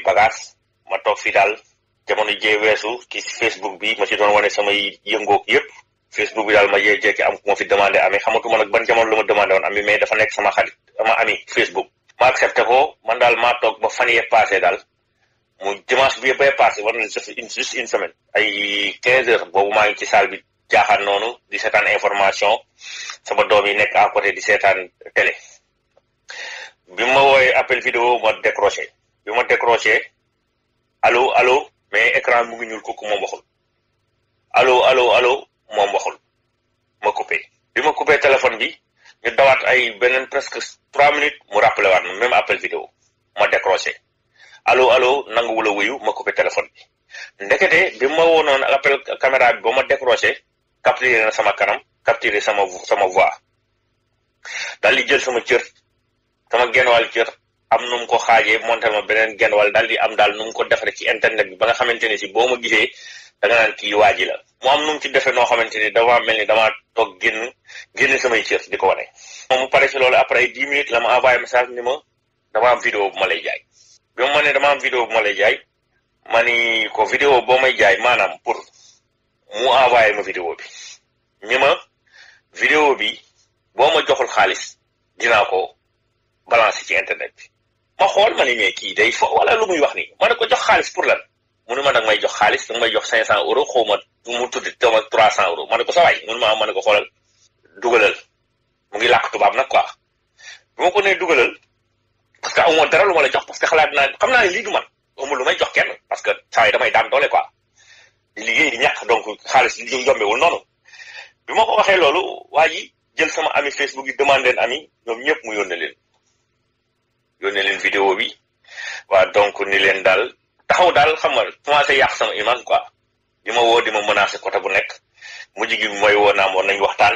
ma toog fi daal jamono jee weesu ci Facebook bi ma si doon wane samay yëngoog yëpp. Facebook bi daal ma jékki-jékki am ku ma fi demandé ami xamatuma nag ban jamono lu ma demandé woon ami mais dafa nekk sama xarit sama ami Facebook. ma accepté ko man daal maa toog ba fan yee passé daal mu dimanche bi bay passé war na maa ngi ci salle bi jaaxaan noonu di seetaan information sama doom yi nekk à côté di seetaan télé bi ma wooyee appel vidéo ma décroché bi ma décroché allo allo mais écran mu ngi ñuul kooku moom waxul allo allo allo moom waxul ma coupé bi ma coupé téléphone bi ñu dawaat ay beneen presque trois minutes mu rappelé waat même appel vidéo ma décroché allo allo nanguwula wuyu ma coupé téléphone bi ndekete bi ma woonoon appel caméra bi ba ma décroché capturé na sama kanam capturé sama sama voix dal di jël sama cër sama genn am num ko xaajee monté ma benen genn dal di am dal num ko defaree ci internet bi ba nga xamanteni ci si boo gisee da nga nan ki waji la mu am nu mu ci defee noo xamante ni damaa mel ni damaa toog génn génn samay cër di ko wane. moom mu pare si loolu après ay dix minutes la ma envoyé ma dama am vidéo bu ma lay jaay bi ma ne dama am vidéo bu ma lay jaay ma ni ko vidéo boo may jaay maanaam pour mu envoyé ma vidéo bi ni ma vidéo bi boo ma joxul xaalis dinaa ko balancer ci internet bi ma xool ma ni mais kii day fo wala lu muy wax ni ma ne ko jox xaalis pour la munuma nag may jox xaalis danga may jox cinq cent euros xaw ma mu tuddi dama trois cent euros ma ne ko sa waay munuma am ma ne ko xoolal dugalal mu ngi làkk tubaab nag quoi bu ma ko nee dugalal parce que amoo dara lu ma la jox parce que xalaat naa xam naa ne lii du man ma lu may jox kenn parce que saa yi damay daan doole quoi di liggéey di ñàkk donc xaalis li yombewul noonu bi ma ko waxee loolu waa ji jël sama ami Facebook yi demandé leen ami ñoom ñëpp mu yónnee leen yónnee leen vidéo bi waa donc leen daal taxaw dal xam nga commencé yàq sama image quoi di ma woo di ma menacé côté bu nekk mujj gi mooy woo naa moon nañ waxtaan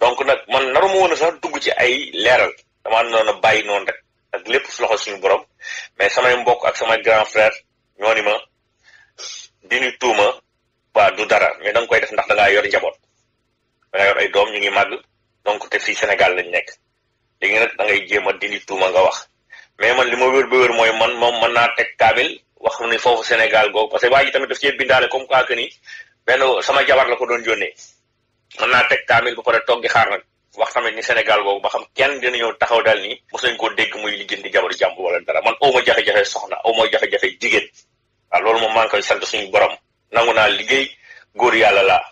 donc nag man naruma woon sax dugg ci ay leeral dama noonu bàyyi noonu rek ak lépp su loxo suñu borom mais sama mbokk ak sama grand frère ñoo ni ma di ñu tuuma waa du dara mais da koy def ndax da ngaa yor njaboot da nga yor ay doom ñu ngi màgg donc te fii Sénégal lañ nekk léegi nag da ngay jéem a dindi tuuma nga wax mais man li ma wér ba wér mooy man moom mën naa teg kaamil wax ni foofu Sénégal googu parce que waa ji tamit daf cee bindaale comme quoi que ni benn sama jabar la ko doon yónnee mën naa teg kaamil ba pare toog di xaar nag wax tamit ni Sénégal googu ba xam kenn dina ñëw taxaw daal ni mos nañ koo dégg muy di jabaru jàmb wala dara man aw ma jafe-jafe soxna aw jafe-jafe jigéen waaw loolu moom maa ngi koy sant suñu borom nangu naa liggéey góor yàlla laa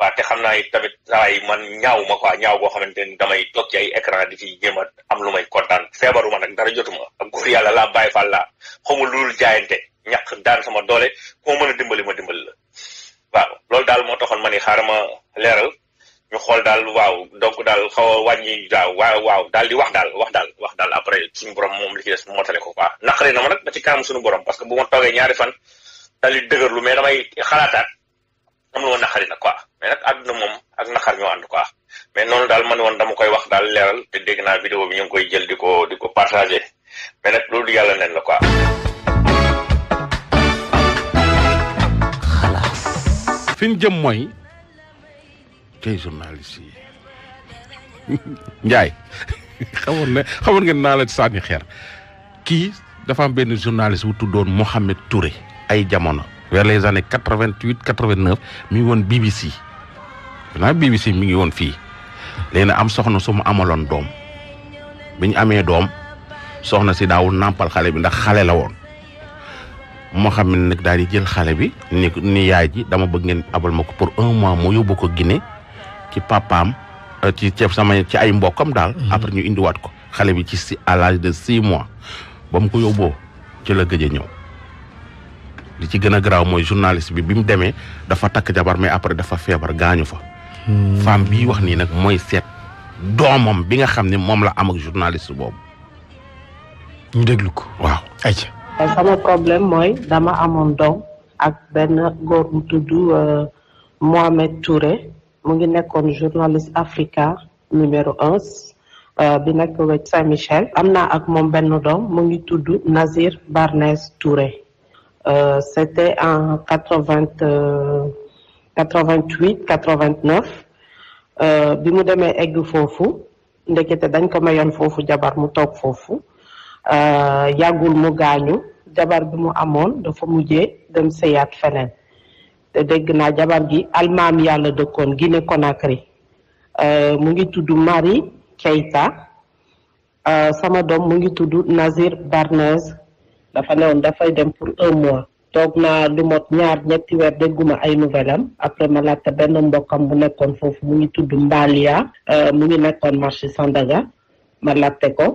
waa te xam naa it tamit sawaay man ñaaw ma quoi ñaaw boo xamante ni damay toog ci ay écran di ci jéem a am lu may kontaan feebaru ma nag dara jotuma ak góor yàlla laa bàyyi fàll laa xamul loolu jaayante ñàq daan sama doole ku ma mën a dimbali ma dimbali la waaw loolu daal moo taxoon ma ni xaaral ma leeral ñu xool daal waaw donc daal xaw a wàññi daaw waaw waaw daal di wax daal wax daal wax daal après suñu borom moom li ci ko quoi na ma nag ba ci kanam borom parce que bu ma toogee ñaari fan daal di dëgërlu mais damay xalaataat am na woon naqari nag moom ak naqar ñoo ànd quoi mais noonu daal man woon dama koy wax daal leeral te dégg naa vidéo bi ñu koy jël di ko di ko partagé yàlla neen la quoi. xalaas. fi jëm mooy tey journaliste yi Ndiaye xamoon ne xamoon ngeen xeer kii dafa am benn journaliste bu tuddoon Mohamed Touré ay jamono. vers les années quatre vingt huit quatre vingt ngi woon BBC naa BBC mi ngi woon fii léegi nag am soxna su mu amaloon doom bi ñu amee doom soxna si daawul nàmpal xale bi ndax xale la woon moo xam ne nag daal di jël xale bi ni ni yaay ji dama bëgg ngeen abal ma ko pour un mois mu yóbbu ko Guinée ci papaam euh, ci ceeb sama ci ay mbokkam daal. Mhm. après ñu indiwaat ko xale bi ci si à l'âge de six mois ba mu ko yóbboo ci la gëj a ñëw. li ci gën a garaaw mooy journaliste bi bi mu demee dafa takk jabar mais après dafa feebar gaañu fa. Hmm. femme bii wax nii nag mooy seet doomam bi nga xam ne moom la am ak journaliste boobu. ñu déglu ko waaw. ayca. sama problème mooy dama amoon doom ak benn góor bu tudd euh, Mohamed Touré mu ngi nekkoon journaliste Africa numéro un euh, bi nekk wet Saint-Michel am naa ak moom benn doom mu ngi tudd Nazir Barnes Touré. Euh, C'était en 80, euh, 88 89 euh, bi mu demee egg foofu ndekete dañ ko jabar mu toog foofu euh, yàggul mu gañu. jabar bi mu amoon dafa mujjé dem seyat feneen te dégg na jabar gi almaam yàlla dëkkoon Guinée Conakry euh, mu ngi tudd Marie Keita sama dom mu ngi tudd Nazir Barnes dafa newoon dafay dem pour un mois toog naa lu ñaar ñetti weer dégguma ay nouvelle am après ma laajte benn mbokkam bu nekkoon foofu mu ngi tudd Mbalia euh, mu ngi nekkoon marché Sandaga ma laajte ko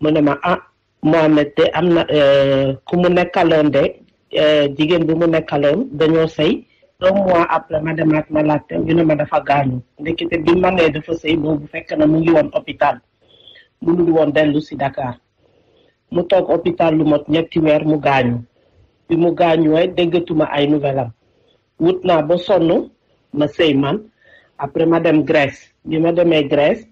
mu ne ma ah Mohamed de am na euh, ku mu nekkaloon de euh, jigéen bi mu nekkaloon dañoo sëy deux mois après ma demaat ma laajte ñu ne ma dafa gaañu ndekete bi ma nee dafa sëy boobu fekk na mu ngi woon hôpital mënul woon dellu si Dakar mu toog hôpital lu mot ñetti weer mu gaañu bi mu woy déggatuma ay nouvelle am wut naa ba sonn ma sëy man après ma dem Grèce bi ma demee Grèce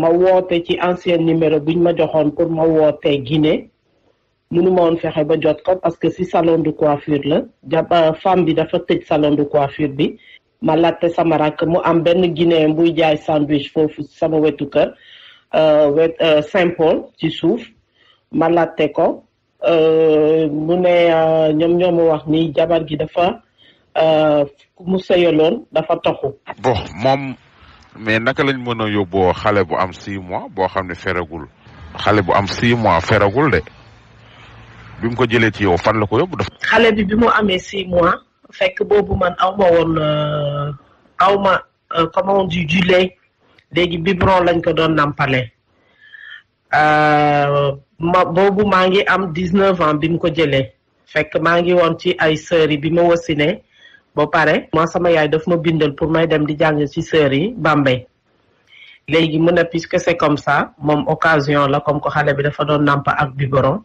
ma woote ci ancien numéro buñ ma joxoon pour ma woote Guinée mënu nu woon fexe ba jot ko parce que si salon de coiffure la jaba euh, femme bi dafa tëj salon de coiffure bi ma laajte sama rakk mu am benn Guinéen buy jaay sandwich foofu sama wetu kër euh, wet euh, ci suuf ma laajte ko euh, mu ne euh, ñoom ñoo ma wax ni jabar gi dafa euh, mu sëyaloon dafa toxu. bon moom mais naka lañ mën a yóbboo xale bu am six mois boo xam ne feragul xale bu am six mois feragul de bi ko jëlee ci yow fan la ko yóbbu dafa. xale bi bi mu amee six mois fekk boobu man aw ma woon aw ma lañ ko doon nampale. ma boobu maa ngi am dix-neuf ans bi ko jëlee fekk maa ngi woon ci ay sœurs yi bi ma wasine ba pare ma sama yaay daf ma bindal pour may dem di jàng ci sœurs yi Bambey léegi mu ne puisque c'est comme ça moom occasion la comme ko xale bi dafa doon nàmpa ak biberon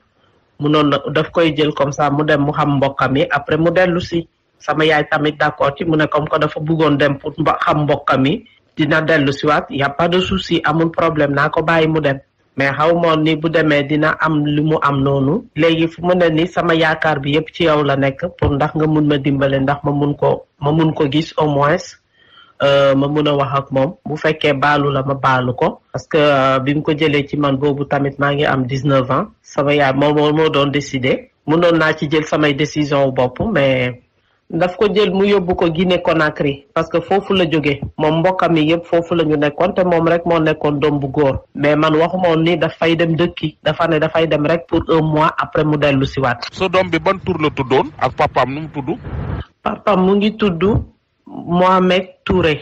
mu noonu daf koy jël comme ça mu dem mu xam mbokkam mi après mu dellu si sama yaay tamit d'accord ci mu ne comme que dafa bëggoon dem pour xam mbokkam mi dina dellu si waat y a de souci amul problème naa ko bàyyi mu dem mais xaw moon ni bu demee dina am li mu am noonu léegi fu mu ne ni sama yaakaar bi yëpp ci yow la nekk pour ndax nga mun ma dimbale ndax ma mun ko ma mun ko gis au moins euh, ma mun a wax ak moom bu fekkee baalu la ma baalu ko parce que euh, bi mu ko jëlee ci man boobu tamit maa ngi am 19 ans sama yaay moo moo moo doon décidé munoon naa ci jël samay décision bopp mais daf ko jël mu yóbbu ko Guinée Conakry parce que foofu la jóge moom mbokkam yi yëpp foofu la ñu nekkoon te moom rek moo nekkoon doom bu góor mais man waxuma woon ni dafay dem dëkki dafa ne dafay dem rek pour un mois après mu dellu si waat. doom bi ban tur la tuddoon ak papaam nu mu tudd. papaam mu ngi tudd Mohamed Touré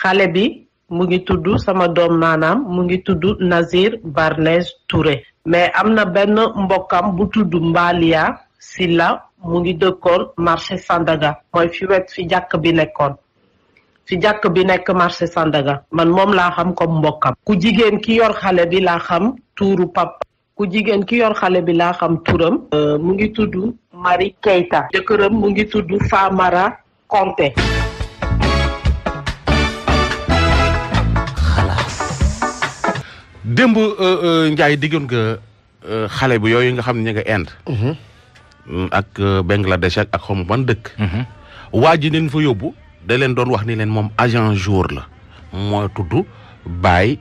xale bi mu ngi tudd sama doom maanaam mu ngi tudd Nazir Barnes Touré mais am na benn mbokkam bu tudd Mbalia. sila mu ngi dëkkoon marché Sandaga mooy fi wet fi jàkk bi nekkoon fi jàkk bi nekk marché Sandaga man moom laa xam comme mbokkam ku jigéen ki yor xale bi laa xam tuuru papa ku jigéen ki yor xale bi laa xam turam euh, mu ngi tudd Marie Keita jëkkëram mu ngi tudd Famara Konte démb euh, euh, Ndiaye diggoon nga xale bi yooyu nga xam ne ñu nga Inde mm-hmm. Mm, ak euh, Bangladesh ak ak xom Wajinin fuyobu, waa ji fa yobbu da len don wax ni len mom agent jour la mo tuddu bay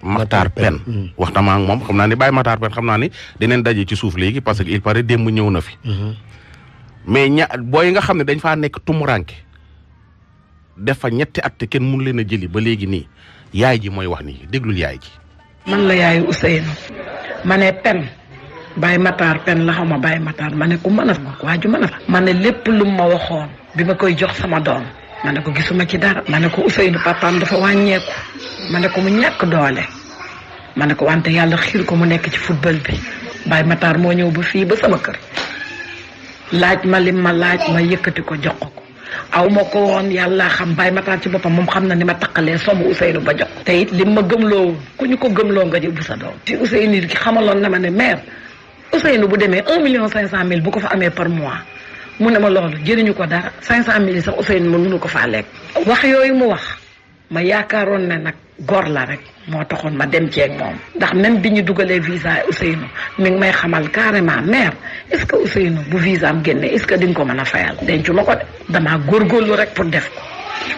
Matar Pen ma mm. ak mom xamna ni bay Matar Pen xamna naa ni dinañ daje ci souf léegi parce que il paraît dem ñew na fi. Mhm. mais ña boy nga xam dañ fa nek tumuranke def fa ñetti at te mu leena leen jëli ba léegi ni yaay ji moy wax ni deglul yaay ji. man la yaay Ousseynou mané Pen. Baye Matar pen la xawma Baye Matar ma ne ku mën a sama waaju mën a ma lu ma waxoon bi koy jox sama doom ma ne ko gisuma ci dara ma ne ko Ousseynou papaam dafa wàññeeku ma ne ko mu ñàkk doole ma ko wante yàlla xiir ko mu nekk ci football bi Baye Matar moo ñëw ba fii ba sama kër laaj ma lim ma laaj ma yëkkati ko jox ko aw ma ko woon yàlla xam Baye Matar ci boppam moom xam na ni ma taqalee somu Ousseynou ba jox te it lim ma gëmloo ku ñu ko gëmloo nga jëbu sa doom ci Ousseynou xamaloon na ma ne mère Ousseynou bu demee 1 million 500 mille bu ko fa amee par mois mu ne ma loolu jëriñu ko dara 500 mille sax Ousseynou ma mënu ko faa lekk. wax yooyu mu wax ma yaakaaroon ne nag gor la rek moo taxoon ma dem ceeg moom ndax même bi ñu dugalee visa Ousseynou mi ngi may xamal carrément mère est-ce que Ousseynou bu visa am génnee est-ce que di ko mën a fayal. dencu ma ko de damaa góorgóorlu rek pour def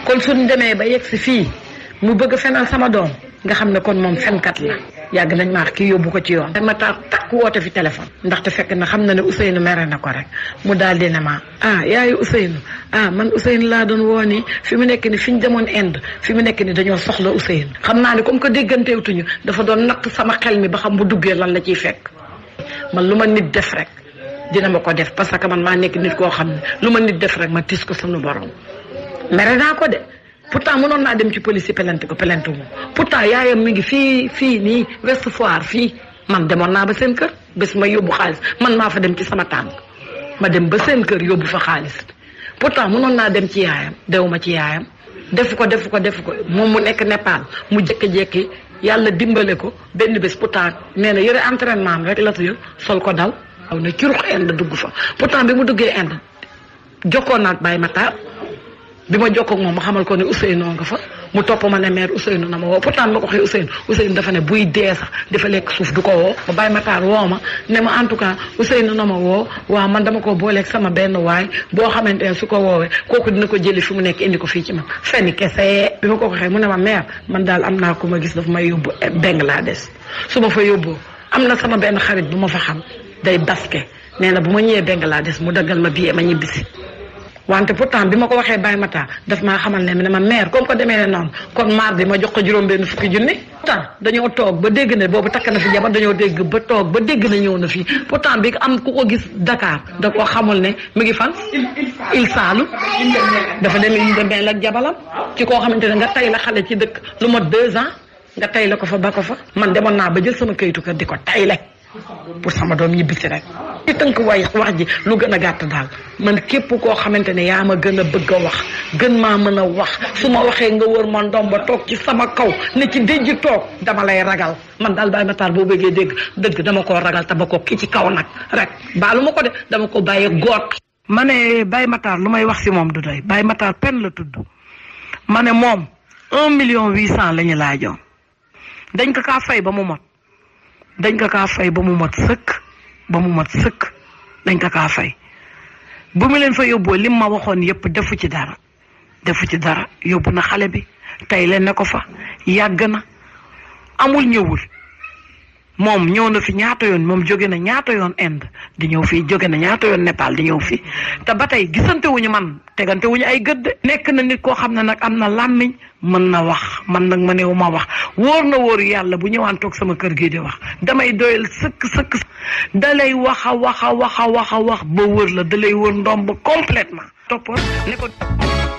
ko kon suñu demee ba yegg si fii mu bëgg fenal sama doom. nga xam ne kon moom fenkat la yàgg nañ maa kii yóbbu ko ci yoon. ma tax takk woote fi téléphone. ndaxte fekk na xam na ne Ousseynou mere na ko rek mu daal di ne ma ah yaayu Ousseynou ah man Ousseynou laa doon woo ni fi mu nekk ni fi ñu demoon Inde fi mu nekk ni dañoo soxla Ousseynou. xam naa ne comme que dégganteewutuñu dafa doon natt sama xel mi ba xam bu duggee lan la ciy fekk man lu ma nit def rek dina ma ko def parce que man maa nekk nit koo xam ne lu ma nit def rek ma tis ko sunu borom mere naa ko de. pourtant mënoon naa dem ci police yi pelante ko pelante wu pourtant yaayam mi ngi fii fii nii West Foire fii man demoon naa ba seen kër bés ma yóbbu xaalis man maa fa dem ci sama tànk ma dem ba seen kër yóbbu fa xaalis pourtant mënoon naa dem ci yaayam ma ci yaayam def ko def ko def ko moom mu nekk Népal mu jékki-jékki yàlla dimbale ko benn bés pourtant nee na yëre entraînement am rek la tuyo sol ko dal. aw na curux Inde dugg fa pourtant bi mu duggee Inde bi ma jokkoo ak moom ma xamal ko ne Ousseynou nga fa mu topp ma ne maire Ousseynou na ma woo pourtant ma ko waxee Ousseynou Ousseynou dafa ne buy dee sax dafa lekk suuf du ko woo ma bàyyi ma ma ne ma en tout cas Ousseynou na ma woo waaw man dama ko booleeg sama benn waay boo xamante ne su ko woowee kooku dina ko jëli fi mu nekk indi ko fii ci man fenn kese bi ma ko xee mu ne ma maire man daal am naa ku ma gis dafa may yóbbu Bangladesh su ma fa yóbboo am na sama benn xarit bu ma fa xam day baske nee na bu ma ñëwee Bangladesh mu daggal ma billet ma ñibbisi wante pourtant bi ma ko waxee Baye Matar daf maa xamal ne ma mère comme ko demee ne noonu kon mardi ma jox ko juróom-benn fukki junni. pourtant dañoo toog ba dégg ne boobu takk na fi jabar dañoo dégg ba toog ba dégg na ñëw na fii pourtant bi am ku ko gis Dakar da koo xamul ne mu ngi fan. il saalu dafa dem il ak jabalam. ci koo xamante ne nga tay la xale ci dëkk lu ma deux ans nga tay la ko fa ba ko fa man demoon naa ba jël sama kayitu kër di ko tay tayle pour sama doom ñibbi ci rek ci tënk way wax ji lu gëna gatt dal man képp ko xamantene ne yaa ma gën bëgg wax gën ma mëna wax suma waxe nga wër man ndom ba tok ci sama kaw ne ci déjj tok dama lay ragal man dal bay matar bo bëggé dégg dëgg dama ko ragal ta bako ki ci kaw nak rek baalu ma ko de dama ko bayé goot mané bay matar lu may wax si mom du doy bay matar pen la tuddu mané mom 1 million 800 lañu la ñu dañ ko ka fay ba mu mot dañ ko kaa fay ba mu mat sëkk ba mu mat sëkk dañ ko kaa fay bu mu leen fa yóbboo lim ma waxoon yépp defu ci dara defu ci dara yóbbu na xale bi tey leen ne ko fa yàgg na amul ñëwul moom ñëw na fi ñaata yoon moom jóge na ñaata yoon Inde di ñëw fii jóge na ñaata yoon Népal di ñëw fii te ba tey gisante wuñu man tegante wuñu ay gëdd. nekk na nit koo xam ne nag am na làmmiñ mën na wax man nag ma néew ma wax wóor na wóoru yàlla bu ñëwaan toog sama kër gii di wax damay doyal sëkk sëkk da lay wax a wax a wax a wax a wax ba wër la da wër ndomb complètement topp ne ko